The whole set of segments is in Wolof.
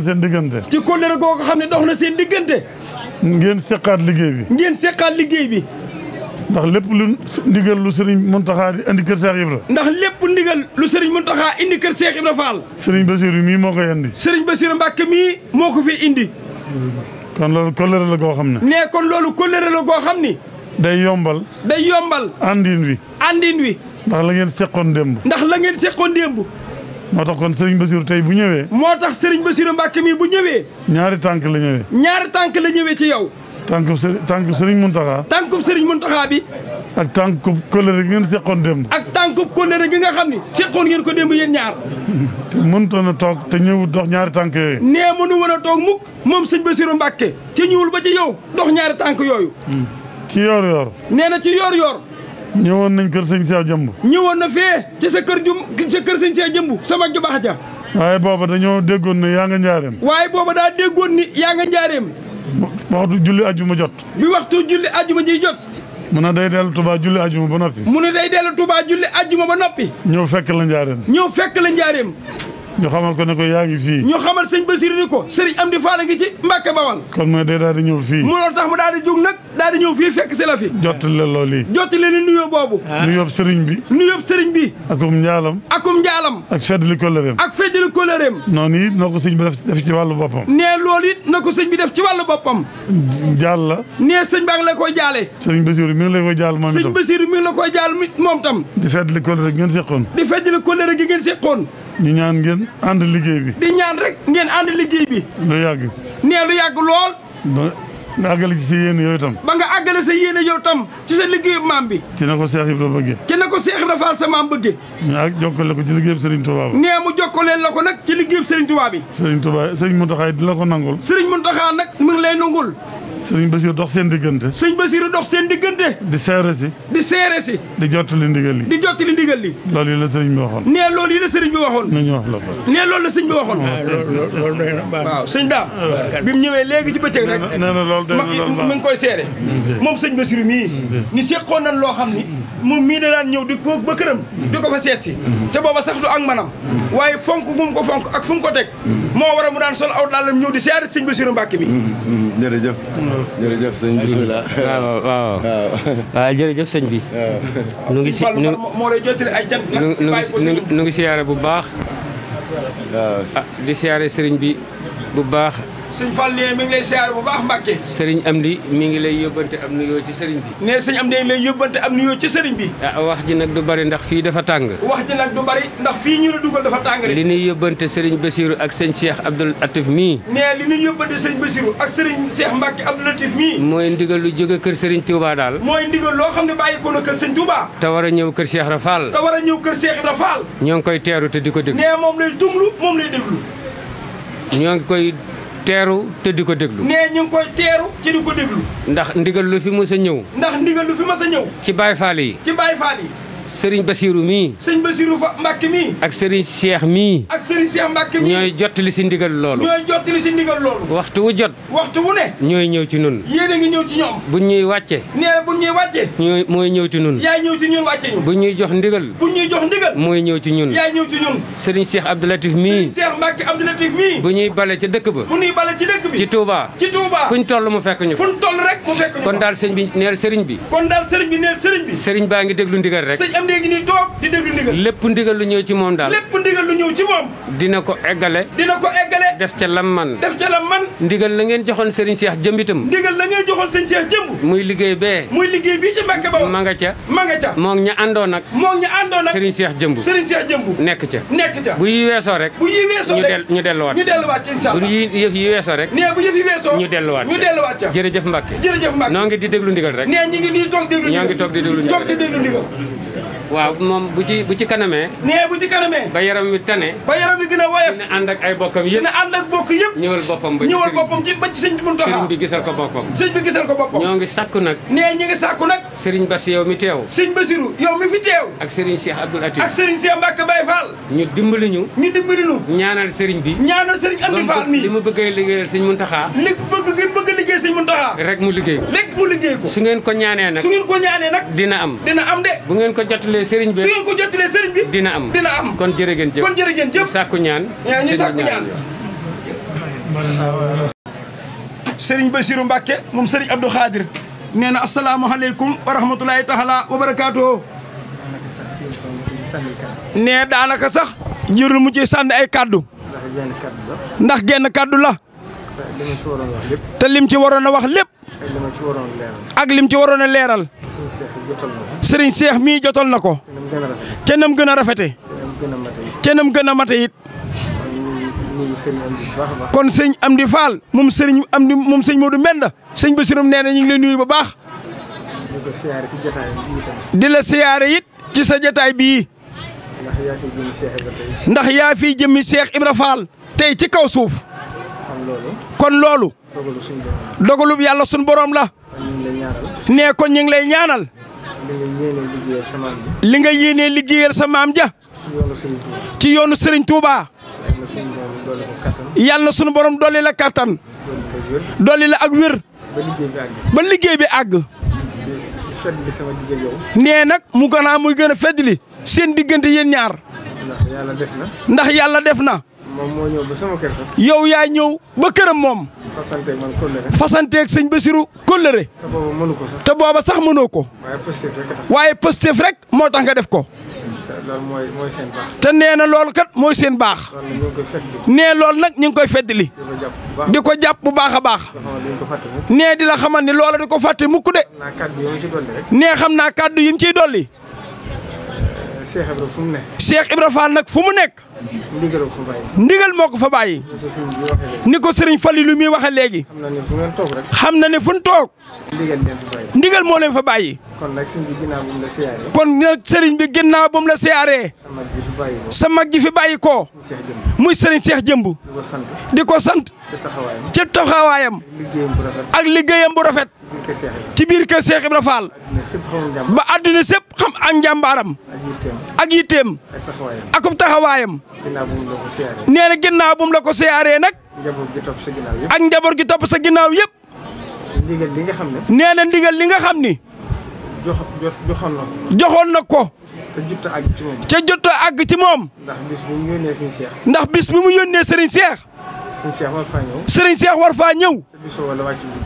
doxoon seen diggante. ci kóllëre googu xam ne dox na seen diggante. ngeen seqaat liggéey bi. ngeen seqaat liggéey bi. ndax lépp lu ndigal lu Serigne Mountakha indi kër Cheikh Ibra. ndax lépp ndigal lu Serigne Mountakha indi kër Cheikh Ibra Fall. Serigne Bassirou mii moo koy indi. Serigne Bassirou Mbacke mii moo ko fi indi. kon loolu kóllëre la goo xam ne. nee kon loolu kóllëre la goo xam ni. day yombal. day yombal. andin wi. andin wi. ndax la ngeen seqoon démb. ndax la moo tax kon Serigne Bassirou tey bu ñëwee. moo tax Serigne Bassirou Mbacke mi bu ñëwee. ñaari tànk la ñëwee. ñaari tànk la ñëwee ci yow. tànkub së tànkub Serigne Mountakha. tànkub Serigne Mountakha bi. ak tànkub kóllëre ko ngeen seqoon démb. ak tànkub kóllëre gi nga xam ni. seqoon ngeen ko démb yéen ñaar. te mënutoon a toog te ñëwul dox ñaari tànk yooyu. nee mënu woon a toog mukk moom sëñ Bassirou Mbacke. te ñëwul ba ci yow dox ñaari tànk yooyu. ci yoor yoor. nee na ci yoor yoor. ñëwoon nañ kër sëñ Cheikh Jëmb ñëwoon na fee ci sa kër jum sa kër sëñ Cheikh Jëmb sama ju baax ja waaye booba ñëw déggoon ne yaa nga njaareem waaye booba daa déggoon ni yaa nga njaareem waxtu julli ajuma jot bi waxtu julli ajuma ji jot mu ne day dellu Touba julli ajuma ba noppi mu ne day dellu Touba julli ajuma ba noppi ñëw fekk la njaareem ñëw fekk la njaareem ñu xamal ko ne ko yaa ngi fii ñu xamal sëñ Basiru ni ko sëriñ Amdi Faal a ngi ci Mbàkke Bawal kon mooy day daal di ñëw fii mu loolu tax mu daal di jóg nag daal di ñëw fii fekk si la fi jottali la loolu yi jottali la nuyoo boobu ah. nuyoo sëriñ bi nuyoo sëriñ bi akum njaalam akum njaalam ak feddali kóllëreem ak feddali kóllëreem noonu it na ko sëñ bi def ci wàllu boppam nee loolu it na ko bi def ci wàllu boppam jaal la nee sëñ baa ngi la koy jaale sëriñ Basiru mi ngi la koy jaal moom moom tam di feddali kóllëre gi ngeen seqoon di feddali kóllëre gi ñu ñaan ngeen ànd liggéey bi. di ñaan rek ngeen ànd liggéey bi. lu yàgg. nee lu yàgg lool. ba nga àggale ci sa yéene yow itam. ba nga àggale sa yéene yow tam ci sa liggéeyu maam bi. ci na ko Seex Ibra bëggee. ci na ko Seex Ibra Faal sa maam bëggee. ñu ak jokkale ko ci liggéeyu Serigne Touba ba. mu jokkaleen la ko nag ci liggéeyu Serigne Touba bi. Serigne Touba Serigne Mountakha dina la ko nangul. Serigne Mountakha nag mu ngi lay nangul. sëriñ Basiir dox seen diggante. sëriñ Basiir dox seen diggante. di seere si. di seere si. di jottali ndigal li. di jottali ndigal li. loolu yi la sëriñ bi waxoon. nee loolu yi la sëriñ bi waxoon. nañu wax la ko. nee loolu la sëriñ bi waxoon. daam. bi mu ñëwee léegi ci bëccëg rek. nee na loolu day na loolu baax koy seere. Mm-hmm. moom sëriñ Basiir mii. Mm-hmm. ni seqoon nañ loo xam ni moom mii da daan ñëw di ko ba këram di ko fa seet si te booba sax du ak manam waaye fonk gum ko fonk ak fu ko teg moo war a mu daan sol aw daalam ñëw di siyaare sëñ mi jërëjëf jërëjëf sëñ bismillah sëñ bi nu ngi si moo lay jottali ay nu ngi siyaare bu baax ah, di siyaare sëriñ bi bu baax sëñ Fall ne mi ngi lay siyaar bu baax Mbàkke sëriñ Amdi mi ngi lay yóbbante am nuyoo ci sëriñ bi ne sëñ am mi ngi lay yóbbante am nuyoo ci sëriñ bi ah wax ji nag du bari ndax fii dafa tàng wax ji nag du bari ndax fii ñu la dugal dafa tàng li ñuy yóbbante sëriñ Basiru ak sëñ Cheikh Abdoul Latif mii ne li ñuy yóbbante sëriñ Basiru ak sëriñ Cheikh Mbàkke Abdoul Latif mii mooy ndigal lu jóge kër sëriñ Touba daal mooy ndigal loo xam ne bàyyi ko na kër sëñ war a ñëw kër Cheikh Rafal war a ñëw kër ñoo ngi koy teeru te di ko déglu moom lay dunglu moom lay ñoo ngi koy teeru te di ko déglu. nee ñu ngi koy teeru te di ko déglu. ndax ndigal lu fi mës a ñëw. ndax ndigal lu fi mës a ñëw. ci Baay Faal yi. ci Baay Faal yi. sëriñ Basiiru mii. sëñ Basiiru fa Mbàkke mii. ak sëriñ Cheikh mii. ak sëriñ Cheikh Mbàkke mii. ñooy jottali si ndigal loolu. ñooy jottali si ndigal loolu. waxtu wu jot. waxtu wu ne. ñooy ñëw ci nun yéen ngi ñëw ci ñoom. bu ñuy wàcce. nee na buñ ñuy wàcce. mooy ñëw ci nun yaay ñëw ci ñun wàcce ñuy jox ndigal. buñ ñuy jox ndigal. mooy ñëw ci ñun. yaay ñëw sëriñ Cheikh Abdoulatif mii. sëriñ Cheikh Mbàkke Abdoulatif bu ñuy bale ci dëkk ba. bu ñuy bale ci dëkk bi. ci Touba. ci Touba fuñ toll mu fekk ñu. fuñ toll rek mu fekk ñu. kon daal sëriñ bi neel sëriñ bi. kon daal sëriñ bi neel sëriñ baa ngi déglu ndigal rek am dee ngi ndigal lépp ndigal lu ñëw ci moom daal lu ñëw ci dina ko eggale ko def ca lam man def ca lam man la ngeen joxoon Serigne Cheikh jëmb itam ndigal la ngeen joxoon Serigne Cheikh jëmb muy liggéey bee liggéey bii ci nga ca ma nga ca moo ña àndoo nag moo ña àndoo nag Serigne Cheikh jëmb nekk ca nekk ca bu yi weesoo rek bu yi ñu delluwaat ñu delluwaat insha Allah bu yi yëf yi weesoo rek nee bu jërëjëf Mbàkke noo ngi di déglu ndigal rek nee ñi ngi nii toog déglu ndigal ñoo ngi toog ndigal waaw moom bu ci bu ci kanamee nee bu ci kanamee ba yaram wi tane ba yaram wi gën a woyof dina ànd ak ay bokkam yëpp dina ànd ak bokk yëpp ñëwal boppam ba ñëwal boppam ci ba ci ko boppam sëñ bi ko boppam ñoo ngi sàkku nag nee ñu ngi sàkku nag sëriñ Bass yow mi teew sëñ Bassirou yow mi fi teew ak sëriñ Cheikh Abdoul Atif ak sëriñ Cheikh Mbacke Baye Fall ñu dimbali ñu ñu dimbali ñaanal sëriñ bi ñaanal sëriñ Amdi Fall mi li mu bëgg liggéeyal sëñ Muntaxa li bëgg sëñ Muntaxa rek mu liggéey ko rek mu ko su ngeen ko ñaanee nag su ngeen ko ñaanee nag dina am dina am de bu ngeen ko jottalee sëriñ bi su ngeen ko jottalee sëriñ bi dina am dina am kon jërë ngeen jëf kon jërë ngeen jëf sàkku ñaan ñu sàkku ñaan sëriñ Basiru Mbàkke moom sëriñ Abdou Khadir nee na asalaamaaleykum wa rahmatulahi taala wa barakaatu nee daanaka sax njërul mujj ci sànni ay kàddu ndax genn kàddu la te lim ci waroon a wax lépp. ak lim ci waroon a leeral. sëriñ seex mii jotal na ko. te nam gën a rafete te nam gën a mate it. kon sëñ Amdi Fall moom sëriñ Amdi moom sëñ Modou Mbenda sëñ Basirum nee na ñu ngi lay nuyu ba baax. di la siyaare it ci sa jataay bii. ndax yaa fi jëmmi seex Ibra Fall tey ci kaw suuf. kon loolu dogalub yàlla sun borom la nee ko ñu ngi lay ñaanal li nga yéenee liggéeyal sa maam ja ci yoonu Serigne Touba yàlla na sunu borom dolli la kàttan dolli la ak wér ba liggéey bi àgg nee nag mu gën a muy gën a feddli seen diggante yéen ñaar ndax yàlla def na moom moo ñëw ba sama kër yow yaa ñëw ba këram moom. fasanteeg man kóllëre. fasanteeg sëñ Basiru kóllëre. te booba mënu ko sax. te booba sax mënoo ko. waaye Pastef rek waaye Pastef rek moo tax nga def ko. loolu mooy mooy seen te nee na loolu kat mooy seen baax. nee lool nag ñu ngi koy feddali. di ko jàpp bu baax a baax. nee di la xamal ne loola di ko fàtte mukk de. nee xam naa kàddu yi mu ciy dolli. Cheikh Ibra nag fu mu nekk. ndigal moo fa bàyyi. ni ko sëriñ fa lu muy waxee léegi. xam na ne fu ñu toog. ndigal moo leen fa bàyyi. kon nag sëriñ bi ginnaaw ba la siyaaree. kon sëriñ bi ginnaaw la siyaaree. sa mag ji fi bàyyi ko muy sëriñ Cheikh Jëmb. di ko sant. ci taxawaayam. ak liggéeyam bu rafet. ci biir kër Cheikh Ibra ba àdduna sépp xam am njàmbaaram. ak yitteem. ak taxawaayam. ginnaaw bu mu la ko siyaaree. nee na ginnaaw bu ko siyaaree nag. njaboot gi topp sa ginnaaw yëpp. ak njaboot gi topp sa ginnaaw yëpp. ndigal nga xam ne. nee na ndigal li nga xam ni. joxoon na ko. joxoon na ko. te ci moom. te jot ndax bis bi mu yónnee Serigne Cheikh. ndax bis bi war faa ñëw. Serigne Cheikh war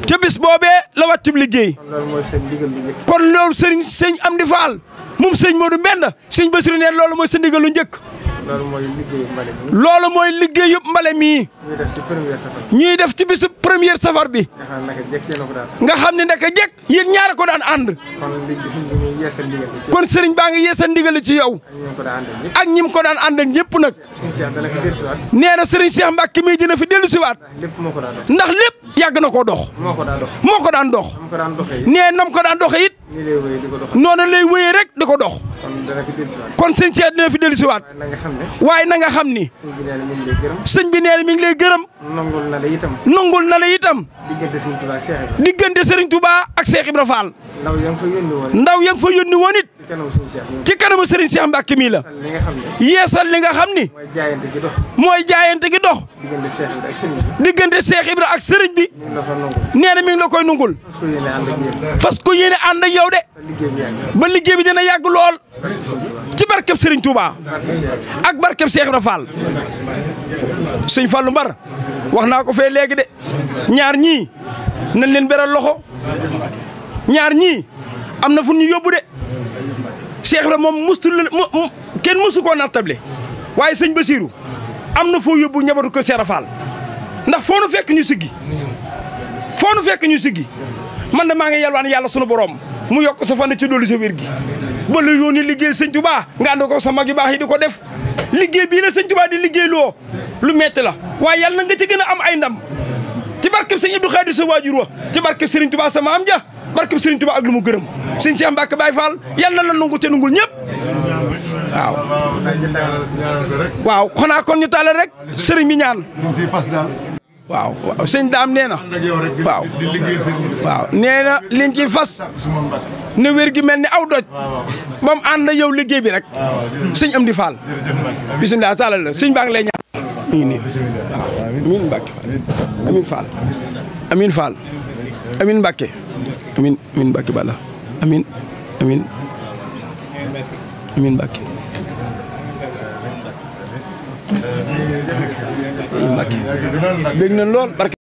ca bis boobee la wàccub liggéey. kon loolu mooy seen ndigal lu njëkk. kon loolu Serigne sëñ Amdi Fall moom sëñ Modou Mbenda sëñ loolu mooy sa ndigal lu njëkk. loolu mooy liggéeyu mbale mooy liggéeyu mbale mi. ñuy def ci première safar bi. ñuy def safar bi. nga xam ne naka jekk yéen ñaar ko daan ànd. kon sëriñ baa ngi yeesal ndigal ci yow. ak ñim ko daan àndal ñëpp nag. nee na sëriñ Cheikh Mbacke mii na fi dellu siwaat. ndax lépp yàgg na koo dox. moo ko daan dox. nee na ko daan doxee it. noonu lay wéyee rek di ko dox. kon sëñ Cheikh dina fi dellusiwaat. waaye na nga xam ni. sëñ bi nee na mi ngi lay gërëm. nangul na la itam. nangul na la itam. diggante sëriñ Touba ak Cheikh Ibra Fall. ndaw ya nga fa yónni woon it. ci kanamu Serigne Cheikh Mbacke mii la. yeesal li nga xam ni. mooy jaayante gi dox. mooy jaayante gi dox. diggante seex Ibra ak Serigne bi. nee na mi ngi la koy nungul. fas ko yéene ànd ak yow de. ba liggéey bi dina yàgg lool. ci barkeb Serigne Touba. ak barkeb seex Ibra Fall. sëñ Fallou Mbar wax naa ko fee léegi de ñaar ñii nañ leen beral loxo ñaar ñi am na fu ñu yóbbu de. Cheikh Ibra moom mustul leen kenn musu koo nattable waaye sëñ Basiiru am na foo yóbbu ñabatu ko Cheikh Fall ndax foo nu fekk ñu siggi foo nu fekk ñu siggi man de maa ngi yalwaan yàlla sunu borom mu yokk sa fan ci dolli si wér gi ba la yoon liggéey sëñ Tuubaa nga ànd ko sa mag yu baax yi di ko def liggéey bii la sëñ Tuubaa di liggéey loo lu metti la waaye yàlla na nga ci gën a am ay ndam ci barkeb sëñ Abdou Khadir sa waajur wa ci barkeb sëriñ Tuubaa sa maam ja barke Serigne Touba ak lu mu gërëm Serigne Cheikh Mbacke Baye Fall yal na la nangu te nangul ñëpp waaw. waaw xanaa kon ñu taalal rek Serigne bi ñaan. waaw waaw daam nee na waaw waaw nee na liñ fas ne wér gi mel ni aw doj ba mu ànd na yow liggéey bi rek sëñ am di faal bisimilah taalal la sëñ baa ngi ñaan mi ngi nii waaw amiin amin Mbacke amin amin Mbacke amin amin amin Mbacke lool barke